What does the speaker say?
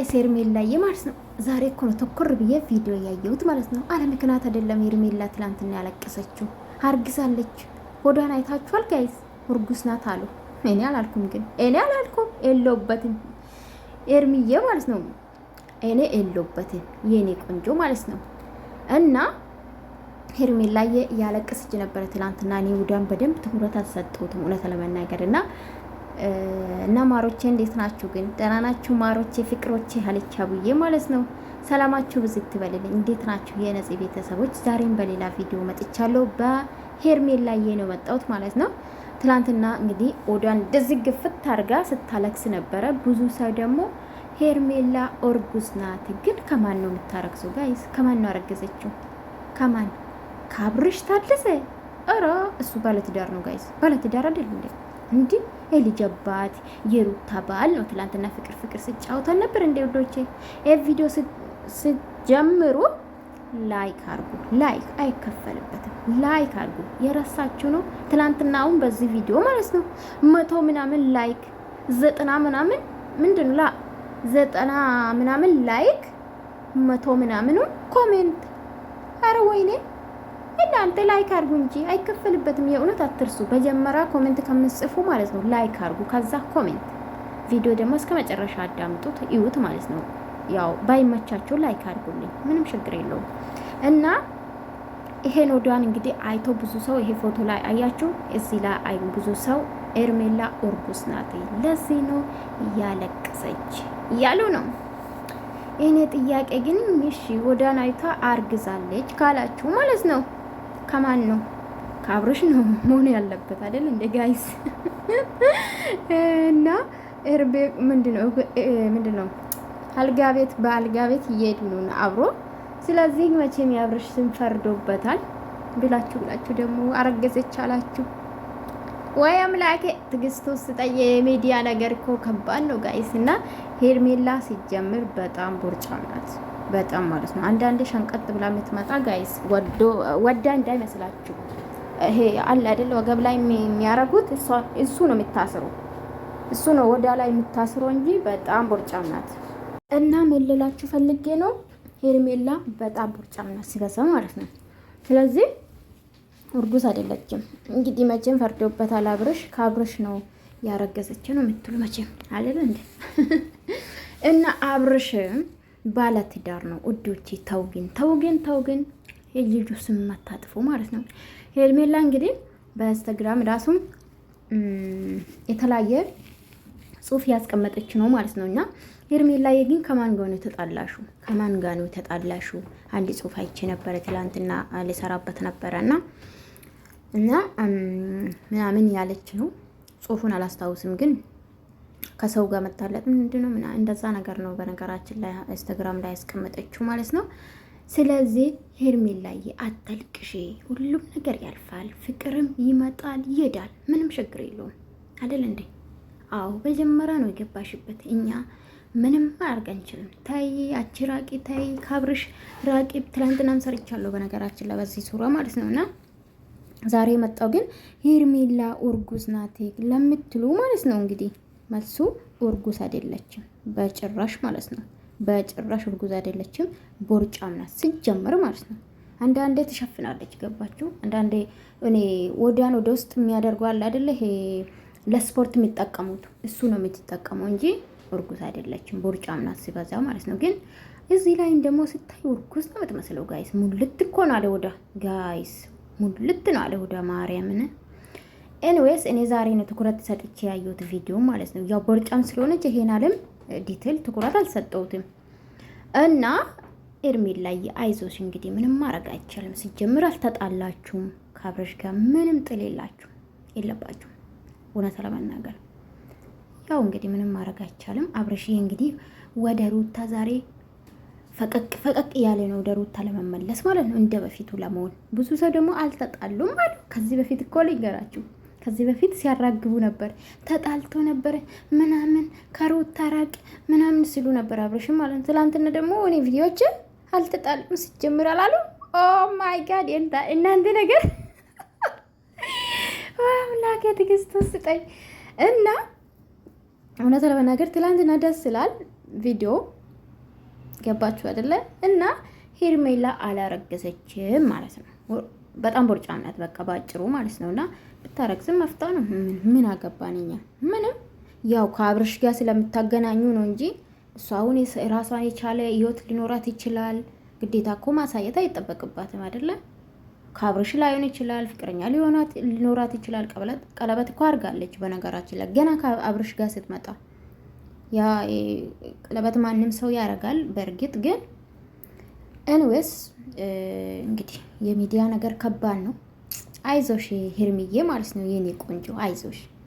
ጋይስ ሄርሜላዬ ማለት ነው ዛሬ እኮ ነው ትኩር ብዬ ቪዲዮ ያየሁት ማለት ነው። አለ ምክንያት አይደለም ሄርሜላ ትላንትና ያለቀሰችው አርግዛለች። ሆዷን አይታችኋል ጋይስ? እርጉዝ ናት አሉ። እኔ አላልኩም ግን እኔ አላልኩም የለውበትም ኤርሚዬ ማለት ነው። እኔ የለውበትም የእኔ ቆንጆ ማለት ነው። እና ሄርሜላዬ ያለቀሰች ነበረ ትላንትና። እኔ ውዳን በደንብ ትኩረት አልሰጠሁትም እውነት ለመናገር እና እና ማሮቼ እንዴት ናችሁ? ግን ደህና ናችሁ ማሮቼ ፍቅሮቼ አለቻ አቡዬ ማለት ነው። ሰላማችሁ ብዝት ትበልልኝ። እንዴት ናችሁ የነጽ ቤተሰቦች? ዛሬም በሌላ ቪዲዮ መጥቻለሁ። በሄርሜላ ላይ ነው መጣሁት ማለት ነው። ትላንትና እንግዲህ ኦዳን እንደዚህ ግፍት አድርጋ ስታለክስ ነበረ። ብዙ ሰው ደግሞ ሄርሜላ ኦርጉዝ ናት፣ ግን ከማን ነው የምታረግዘው? ጋይስ ከማን ነው አረገዘችው? ከማን ካብርሽ ታደሰ? ኧረ እሱ ባለትዳር ነው ጋይስ፣ ባለትዳር አይደል እንዴ? እንዲ የልጅ አባት የሩታ ባል ነው። ትላንትና ፍቅር ፍቅር ስጫወተን ነበር። እንደ ውዶቼ ቪዲዮ ስጀምሩ ላይክ አርጉ። ላይክ አይከፈልበትም። ላይክ አርጉ። የረሳችሁ ነው። ትላንትና አሁን በዚህ ቪዲዮ ማለት ነው መቶ ምናምን ላይክ ዘጠና ምናምን ምንድን ላ ዘጠና ምናምን ላይክ መቶ ምናምኑ ኮሜንት አረ ወይኔ እናንተ ላይክ አርጉ እንጂ አይከፈልበትም። የእውነት አትርሱ። መጀመሪያ ኮሜንት ከምጽፉ ማለት ነው ላይክ አርጉ፣ ከዛ ኮሜንት። ቪዲዮ ደግሞ እስከ መጨረሻ አዳምጡት እዩት ማለት ነው። ያው ባይመቻቸው ላይክ አርጉልኝ፣ ምንም ችግር የለውም። እና ይሄን ወዷን እንግዲህ አይቶ ብዙ ሰው ይሄ ፎቶ ላይ አያችሁ፣ እዚህ ላይ አይ ብዙ ሰው ኤርሜላ ኦርጉስ ናት፣ ለዚህ ነው እያለቀሰች እያሉ ነው። እኔ ጥያቄ ግን እሺ ወዷን አይታ አርግዛለች ካላችሁ ማለት ነው ከማን ነው? ከአብርሽ ነው መሆን ያለበት አይደል? እንደ ጋይስ እና እርቤ ምንድነው ምንድነው አልጋ ቤት በአልጋ ቤት እየሄዱ ነው አብሮ። ስለዚህ መቼም የአብርሽ ስም ፈርዶበታል። ብላችሁ ብላችሁ ደግሞ አረገዘች አላችሁ ወይ አምላኬ። ትግስቱ ስጠየ የሚዲያ ነገር እኮ ከባድ ነው ጋይስ። እና ሄርሜላ ሲጀምር በጣም ቦርጫም ናት። በጣም ማለት ነው። አንዳንዴ ሸንቀጥ ብላ የምትመጣ ጋይስ ወዳ እንዳይመስላችሁ። ይሄ አለ አይደለ ወገብ ላይ የሚያረጉት እሱ ነው የሚታስሩ እሱ ነው ወዳ ላይ የምታስሩ እንጂ በጣም ቦርጫም ናት። እና ምን ልላችሁ ፈልጌ ነው ሄርሜላ በጣም ቦርጫም ናት ሲበዛ ማለት ነው። ስለዚህ እርጉዝ አይደለችም። እንግዲህ መቼም ፈርዶበታል አብርሽ። ከአብርሽ ነው ያረገዘች ነው የምትሉ መቼም አይደለ እንዴ? እና አብርሽ ባለትዳር ነው ውዶቼ። ተው ግን ተው ግን ተው ግን የልጁ ስም መታጥፎ ማለት ነው። ሄርሜላ እንግዲህ በኢንስታግራም ራሱም የተለያየ ጽሁፍ ያስቀመጠች ነው ማለት ነው። እና ሄርሜላዬ ግን ከማን ጋር ነው የተጣላሹ? ከማን ጋር ነው የተጣላሹ? አንድ ጽሁፍ አይቼ ነበረ ትላንትና ልሰራበት ነበረ እና እና ምናምን ያለች ነው ጽሁፉን አላስታውስም ግን ከሰው ጋር መታለጥ ምንድነው ምና እንደዛ ነገር ነው። በነገራችን ላይ ኢንስታግራም ላይ ያስቀመጠችው ማለት ነው። ስለዚህ ላይ አታልቅሺ፣ ሁሉም ነገር ያልፋል፣ ፍቅርም ይመጣል ይሄዳል፣ ምንም ችግር የለውም አደል እንዴ? አዎ መጀመሪያ ነው የገባሽበት። እኛ ምንም ማድረግ አንችልም። ታይ አቺ ራቂ፣ ታይ ካብርሽ ራቂ። ትላንትናም ሰርቻለሁ በነገራችን ላይ በዚህ ሱራ ማለት ነው እና ዛሬ የመጣው ግን ሄርሜላ እርጉዝ ናት ለምትሉ ማለት ነው እንግዲህ መልሱ እርጉዝ አይደለችም፣ በጭራሽ ማለት ነው። በጭራሽ እርጉዝ አይደለችም፣ ቦርጫም ናት ስጀምር ማለት ነው። አንዳንዴ ትሸፍናለች፣ ገባችሁ? አንዳንዴ እኔ ወዲያን ወደ ውስጥ የሚያደርገው አለ አይደለ? ይሄ ለስፖርት የሚጠቀሙት እሱ ነው የምትጠቀመው እንጂ እርጉዝ አይደለችም፣ ቦርጫም ናት ሲበዛ ማለት ነው። ግን እዚህ ላይ ደግሞ ስታይ እርጉዝ ነው የምትመስለው ጋይስ። ሙልት እኮ ነው አለ ወዳ ጋይስ፣ ሙልት ነው አለ ወዳ ማርያምን ኤንዌስ እኔ ዛሬ ነው ትኩረት ሰጥቼ ያየሁት ቪዲዮ ማለት ነው። ያው ቦርጫም ስለሆነች ይሄን አለም ዲቴል ትኩረት አልሰጠሁትም እና ኤርሜል ላይ አይዞሽ እንግዲህ ምንም ማድረግ አይቻልም። ሲጀምር አልተጣላችሁም ከአብረሽ ጋር ምንም ጥል የላችሁም የለባችሁም። እውነት ለመናገር ያው እንግዲህ ምንም ማድረግ አይቻልም። አብረሽዬ እንግዲህ ወደ ሩታ ዛሬ ፈቀቅ ፈቀቅ እያለ ነው ወደ ሩታ ለመመለስ ማለት ነው፣ እንደ በፊቱ ለመሆን ብዙ ሰው ደግሞ አልተጣሉም አሉ። ከዚህ በፊት እኮ ልንገራችሁ ከዚህ በፊት ሲያራግቡ ነበር፣ ተጣልቶ ነበር ምናምን ከሩት ታራቅ ምናምን ሲሉ ነበር። አብረሽም ማለት ትላንትና ደግሞ እኔ ቪዲዮችን አልተጣልም ሲጀምር አላሉ። ኦ ማይ ጋድ እናንተ ነገር አምላክ የትዕግስት ስጠኝ እና እውነት ለመናገር ትላንትና ደስ ይላል ቪዲዮ ገባችሁ አይደለ? እና ሄርሜላ አላረገዘችም ማለት ነው። በጣም ቦርጫም በቃ ባጭሩ ማለት ነው። እና ብታረግዝም መፍታ ነው። ምን አገባን እኛ? ምንም ያው ከአብርሽ ጋር ስለምታገናኙ ነው እንጂ እሷ አሁን ራሷን የቻለ ህይወት ሊኖራት ይችላል። ግዴታ እኮ ማሳየት አይጠበቅባትም አይደለ? ከአብርሽ ላይሆን ይችላል፣ ፍቅረኛ ሊኖራት ይችላል። ቀለበት እኮ አድርጋለች በነገራችን ላይ ገና ከአብርሽ ጋር ስትመጣ። ያ ቀለበት ማንም ሰው ያደርጋል በእርግጥ ግን እንዌስ እንግዲህ የሚዲያ ነገር ከባድ ነው። አይዞሽ ሄርሚዬ ማለት ነው የኔ ቆንጆ አይዞሽ።